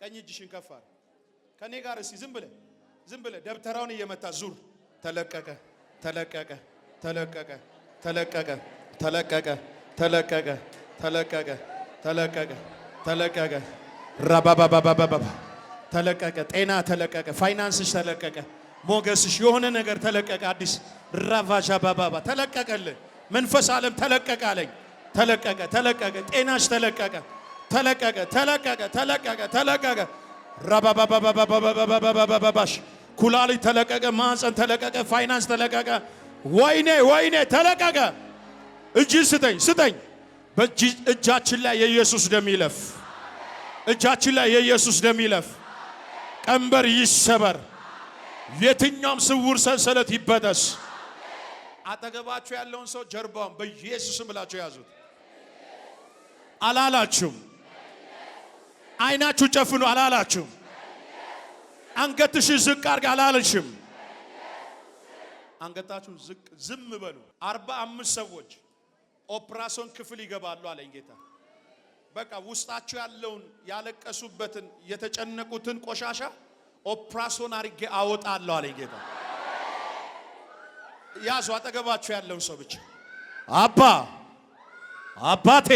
ቀኝ እጅሽን ከፍ ከኔ ጋር እስቲ ዝም ብለህ ዝም ብለህ ደብተራውን እየመታ ዙር። ተለቀቀ፣ ተለቀቀ፣ ተለቀቀ፣ ተለቀቀ፣ ተለቀቀ፣ ተለቀቀ፣ ተለቀቀ፣ ተለቀቀ፣ ተለቀቀ፣ ረባባባባባ ተለቀቀ። ጤና ተለቀቀ፣ ፋይናንስሽ ተለቀቀ፣ ሞገስሽ የሆነ ነገር ተለቀቀ። አዲስ ራቫዣባባባ ተለቀቀልህ። መንፈስ ዓለም ተለቀቀ አለኝ። ተለቀቀ፣ ተለቀቀ፣ ጤናሽ ተለቀቀ ተለቀቀ፣ ተለቀቀ፣ ተለቀቀ፣ ተለቀቀ። ረባባባባባባባባባባባሽ ኩላሊት ተለቀቀ፣ ማህፀን ተለቀቀ፣ ፋይናንስ ተለቀቀ። ወይኔ ወይኔ ተለቀቀ። እጅ ስጠኝ ስጠኝ። እጃችን ላይ የኢየሱስ ደም ይለፍ። እጃችን ላይ የኢየሱስ ደም ይለፍ። ቀንበር ይሰበር። የትኛውም ስውር ሰንሰለት ይበጠስ። አጠገባችሁ ያለውን ሰው ጀርባውን በኢየሱስም ብላችሁ ያዙት። አላላችሁም አይናችሁ ጨፍኑ አላላችሁም። አንገትሽ ዝቅ አድርግ አላለሽም። አንገታችሁ ዝቅ ዝም በሉ። አርባ አምስት ሰዎች ኦፕራሶን ክፍል ይገባሉ አለኝ ጌታ። በቃ ውስጣችሁ ያለውን ያለቀሱበትን የተጨነቁትን ቆሻሻ ኦፕራሶን አድርጌ አወጣለሁ አለኝ ጌታ። ያዙ አጠገባችሁ ያለውን ሰው ብቻ አባ አባቴ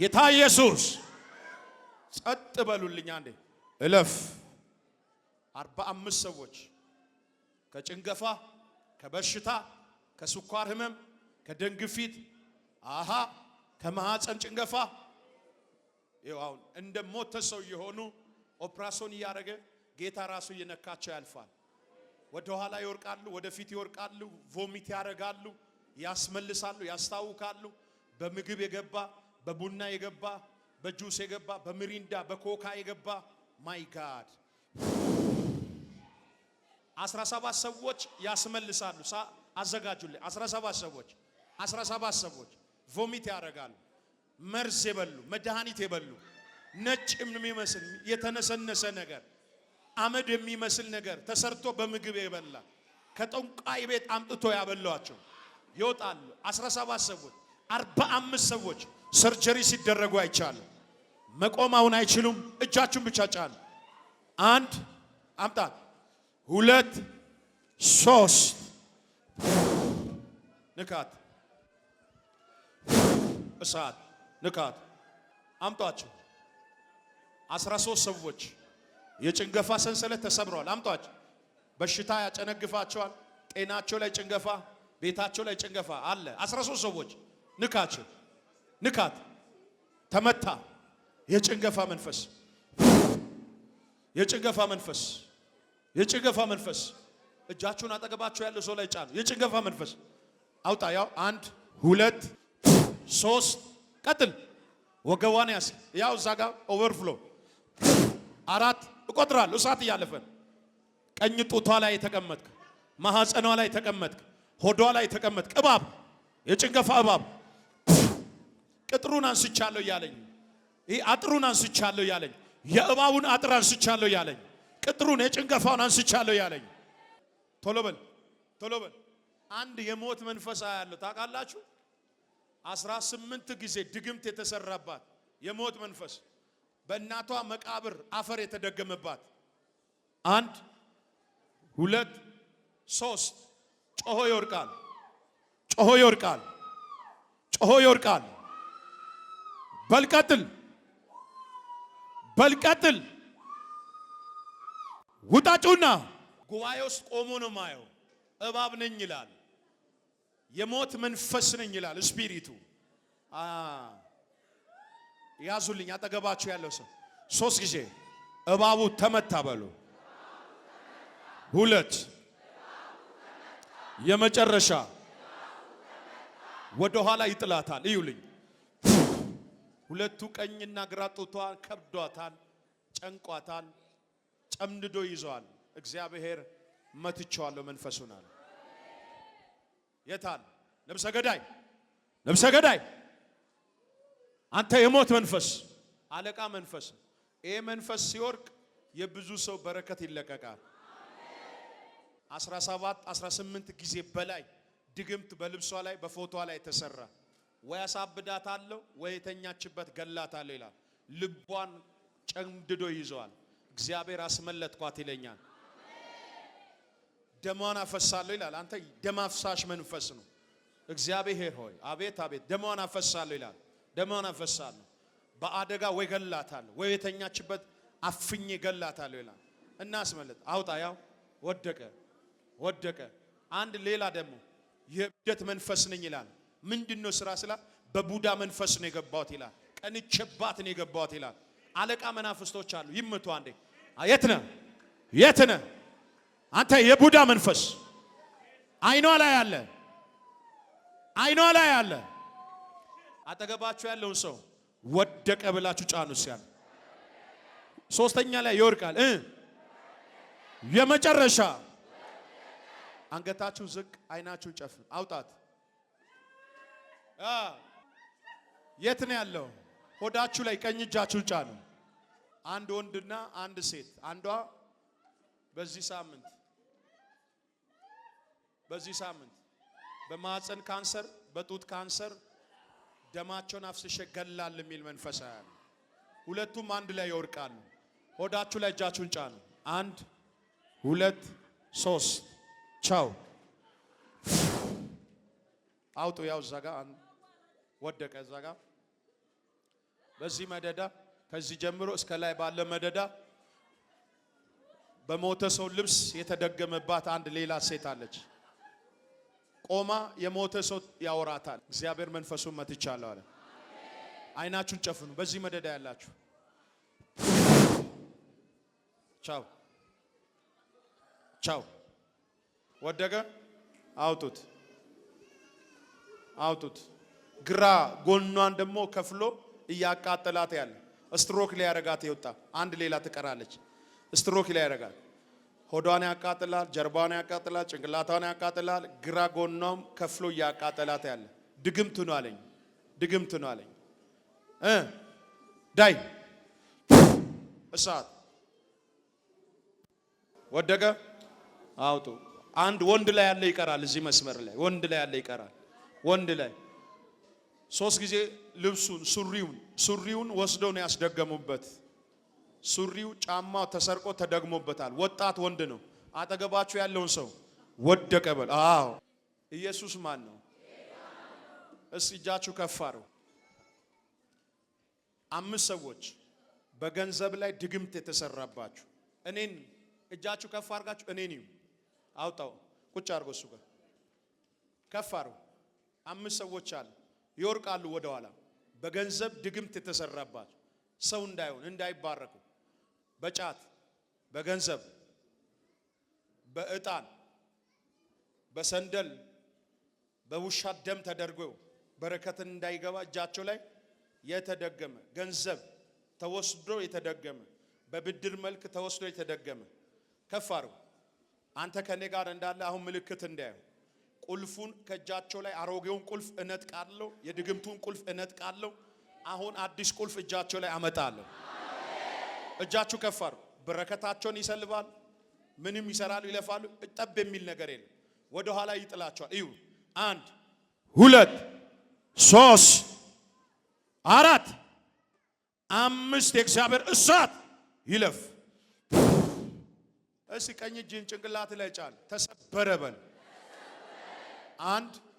ጌታ ኢየሱስ ጸጥ በሉልኛ አንዴ። እለፍ አርባ አምስት ሰዎች ከጭንገፋ ከበሽታ ከስኳር ህመም ከደም ግፊት አሃ ከማህፀን ጭንገፋ ይኸው እንደ ሞተ ሰው የሆኑ ኦፕራሶን እያደረገ ጌታ ራሱ እየነካቸው ያልፋል። ወደኋላ ይወርቃሉ፣ ወደፊት ይወርቃሉ፣ ቮሚት ያደርጋሉ፣ ያስመልሳሉ፣ ያስታውካሉ። በምግብ የገባ በቡና የገባ በጁስ የገባ በሚሪንዳ በኮካ የገባ ማይ ጋድ 17 ሰዎች ያስመልሳሉ። አዘጋጁልኝ። 17 ሰዎች 17 ሰዎች ቮሚት ያደርጋሉ። መርዝ የበሉ መድኃኒት የበሉ ነጭ የሚመስል የተነሰነሰ ነገር አመድ የሚመስል ነገር ተሰርቶ በምግብ የበላ ከጠንቋይ ቤት አምጥቶ ያበላቸው ይወጣሉ። 17 ሰዎች 45 ሰዎች ሰርጀሪ ሲደረጉ አይቻለሁ። መቆም መቆማውን አይችሉም። እጃችሁን ብቻ ጫን። አንድ አምጣ፣ ሁለት፣ ሶስት፣ ንካት፣ እሳት ንካት። አምጧቸው። አስራ ሶስት ሰዎች የጭንገፋ ሰንሰለት ተሰብረዋል። አምጧቸው። በሽታ ያጨነግፋቸዋል። ጤናቸው ላይ ጭንገፋ፣ ቤታቸው ላይ ጭንገፋ አለ። አስራ ሶስት ሰዎች ንካቸው፣ ንካት፣ ተመታ የጭንገፋ መንፈስ የጭንገፋ መንፈስ የጭንገፋ መንፈስ እጃችሁን አጠገባችሁ ያለ ሰው ላይ ጫኑ። የጭንገፋ መንፈስ አውጣ። ያው አንድ ሁለት ሶስት፣ ቀጥል። ወገቧን ያስ ያው እዛ ጋር ኦቨርፍሎ አራት እቆጥራለሁ። እሳት እያለፈን ቀኝ ጡቷ ላይ ተቀመጥክ፣ ማህፀኗ ላይ ተቀመጥክ፣ ሆዷ ላይ ተቀመጥክ። እባብ የጭንገፋ እባብ ቅጥሩን አንስቻለሁ እያለኝ አጥሩን አንስቻለሁ ያለኝ፣ የእባቡን አጥር አንስቻለሁ ያለኝ፣ ቅጥሩን የጭንገፋውን አንስቻለሁ ያለኝ። ቶሎ በል ቶሎ በል። አንድ የሞት መንፈስ አያለሁ ታውቃላችሁ። አስራ ስምንት ጊዜ ድግምት የተሰራባት የሞት መንፈስ በእናቷ መቃብር አፈር የተደገመባት አንድ ሁለት ሶስት ጮሆ ይወርቃል፣ ጮሆ ይወርቃል፣ ጮሆ ይወርቃል። በልቀጥል በልቀጥል ውጣጩና ጉባኤ ውስጥ ቆሞ ነው ማየው። እባብ ነኝ ይላል። የሞት መንፈስ ነኝ ይላል ስፒሪቱ። ያዙልኝ አጠገባችሁ ያለው ሰው ሶስት ጊዜ እባቡ ተመታ በሉ። ሁለት የመጨረሻ ወደ ኋላ ይጥላታል። እዩልኝ ሁለቱ ቀኝና ግራ ጡቷ ከብዷታል፣ ጨንቋታል፣ ጨምድዶ ይዟል። እግዚአብሔር መትቼዋለሁ መንፈሱን አለ። የታል ነብሰ ገዳይ? ነብሰ ገዳይ አንተ የሞት መንፈስ፣ አለቃ መንፈስ። ይሄ መንፈስ ሲወርቅ የብዙ ሰው በረከት ይለቀቃል። 17 18 ጊዜ በላይ ድግምት በልብሷ ላይ በፎቶዋ ላይ ተሰራ። ወይ አሳብዳታለሁ ወይ የተኛችበት ገላታለሁ ይላል። ልቧን ጨንድዶ ይዘዋል። እግዚአብሔር አስመለጥኳት ይለኛል። ደሟን አፈሳለሁ ይላል። አንተ ደም አፍሳሽ መንፈስ ነው። እግዚአብሔር ሆይ አቤት አቤት፣ ደሟን አፈሳለሁ ይላል። ደሟን አፈሳለሁ በአደጋ ወይ ገላታለሁ ወይ የተኛችበት አፍኜ ገላታለሁ ይላል። እናስመለጥ አውጣ። ያው ወደቀ ወደቀ። አንድ ሌላ ደግሞ የእብደት መንፈስ ነኝ ይላል። ምንድን ነው ስራ ስላ በቡዳ መንፈስ ነው የገባሁት ይላል። ቀንቼባት ነው የገባሁት ይላል። አለቃ መናፍስቶች አሉ ይመቱ። አንዴ የት ነህ? የት ነህ አንተ? የቡዳ መንፈስ አይኗ ላይ አለ፣ አይኗ ላይ አለ። አጠገባችሁ ያለውን ሰው ወደቀ ብላችሁ ጫኑስ ያለ ሶስተኛ ላይ ይወርቃል እ የመጨረሻ አንገታችሁ ዝቅ፣ አይናችሁ ጨፍን አውጣት የት ነው ያለው? ሆዳችሁ ላይ ቀኝ እጃችሁን ጫኑ። አንድ ወንድና አንድ ሴት፣ አንዷ በዚህ ሳምንት በዚህ ሳምንት በማህፀን ካንሰር፣ በጡት ካንሰር ደማቸውን አፍስሼ ገላል የሚል መንፈሳ ያለ ሁለቱም አንድ ላይ ይወርቃሉ። ሆዳችሁ ላይ እጃችሁን ጫኑ። አንድ ሁለት ሶስት ቻው አውጡ። ያው እዛ ጋ ወደቀ። እዛ ጋ በዚህ መደዳ ከዚህ ጀምሮ እስከ ላይ ባለ መደዳ በሞተ ሰው ልብስ የተደገመባት አንድ ሌላ ሴት አለች። ቆማ የሞተ ሰው ያወራታል። እግዚአብሔር መንፈሱን መትቻለሁ አለ። አይናችሁን ጨፍኑ። በዚህ መደዳ ያላችሁ ቻው ቻው፣ ወደቀ። አውጡት። አውጡት። ግራ ጎኗን ደግሞ ከፍሎ እያቃጠላት ያለ ስትሮክ ሊያረጋት የወጣ አንድ ሌላ ትቀራለች። ስትሮክ ሊያረጋት ሆዷን ያቃጥላል፣ ጀርባዋን ያቃጥላል፣ ጭንቅላቷን ያቃጥላል። ግራ ጎኗም ከፍሎ እያቃጠላት ያለ ድግምት ነው አለኝ። ድግምት ነው አለኝ። ዳይ እሳት ወደቀ። አውጡ። አንድ ወንድ ላይ ያለ ይቀራል። እዚህ መስመር ላይ ወንድ ላይ ያለ ይቀራል። ወንድ ላይ ሶስት ጊዜ ልብሱን ሱሪውን ሱሪውን ወስደው ነው ያስደገሙበት። ሱሪው ጫማው ተሰርቆ ተደግሞበታል። ወጣት ወንድ ነው። አጠገባችሁ ያለውን ሰው ወደቀ በል። አዎ ኢየሱስ ማን ነው? እስ እጃችሁ ከፍ አምስት ሰዎች በገንዘብ ላይ ድግምት የተሰራባችሁ እኔን እጃችሁ ከፍ አርጋችሁ እኔን አውጣው ቁጭ አርጎ እሱ ጋር ከፍ አምስት ሰዎች አሉ ይወርቃሉ ወደ ኋላ በገንዘብ ድግምት የተሰራባቸው ሰው እንዳይሆን እንዳይባረኩ በጫት በገንዘብ በእጣን በሰንደል በውሻ ደም ተደርጎ በረከትን እንዳይገባ እጃቸው ላይ የተደገመ ገንዘብ ተወስዶ የተደገመ በብድር መልክ ተወስዶ የተደገመ ከፍ አድርጉ። አንተ ከኔ ጋር እንዳለ አሁን ምልክት እንዳይሆን ቁልፉን ከእጃቸው ላይ አሮጌውን ቁልፍ እነጥቃለሁ። የድግምቱን ቁልፍ እነጥቃለሁ። አሁን አዲስ ቁልፍ እጃቸው ላይ አመጣለሁ። እጃችሁ ከፋር በረከታቸውን ይሰልባል። ምንም ይሰራሉ፣ ይለፋሉ። ጠብ የሚል ነገር የለም። ወደ ኋላ ይጥላቸዋል። እዩ፣ አንድ ሁለት ሶስት አራት አምስት የእግዚአብሔር እሳት ይለፍ። እስኪ ቀኝ እጅን ጭንቅላት ላይ ጫን። ተሰበረ በል and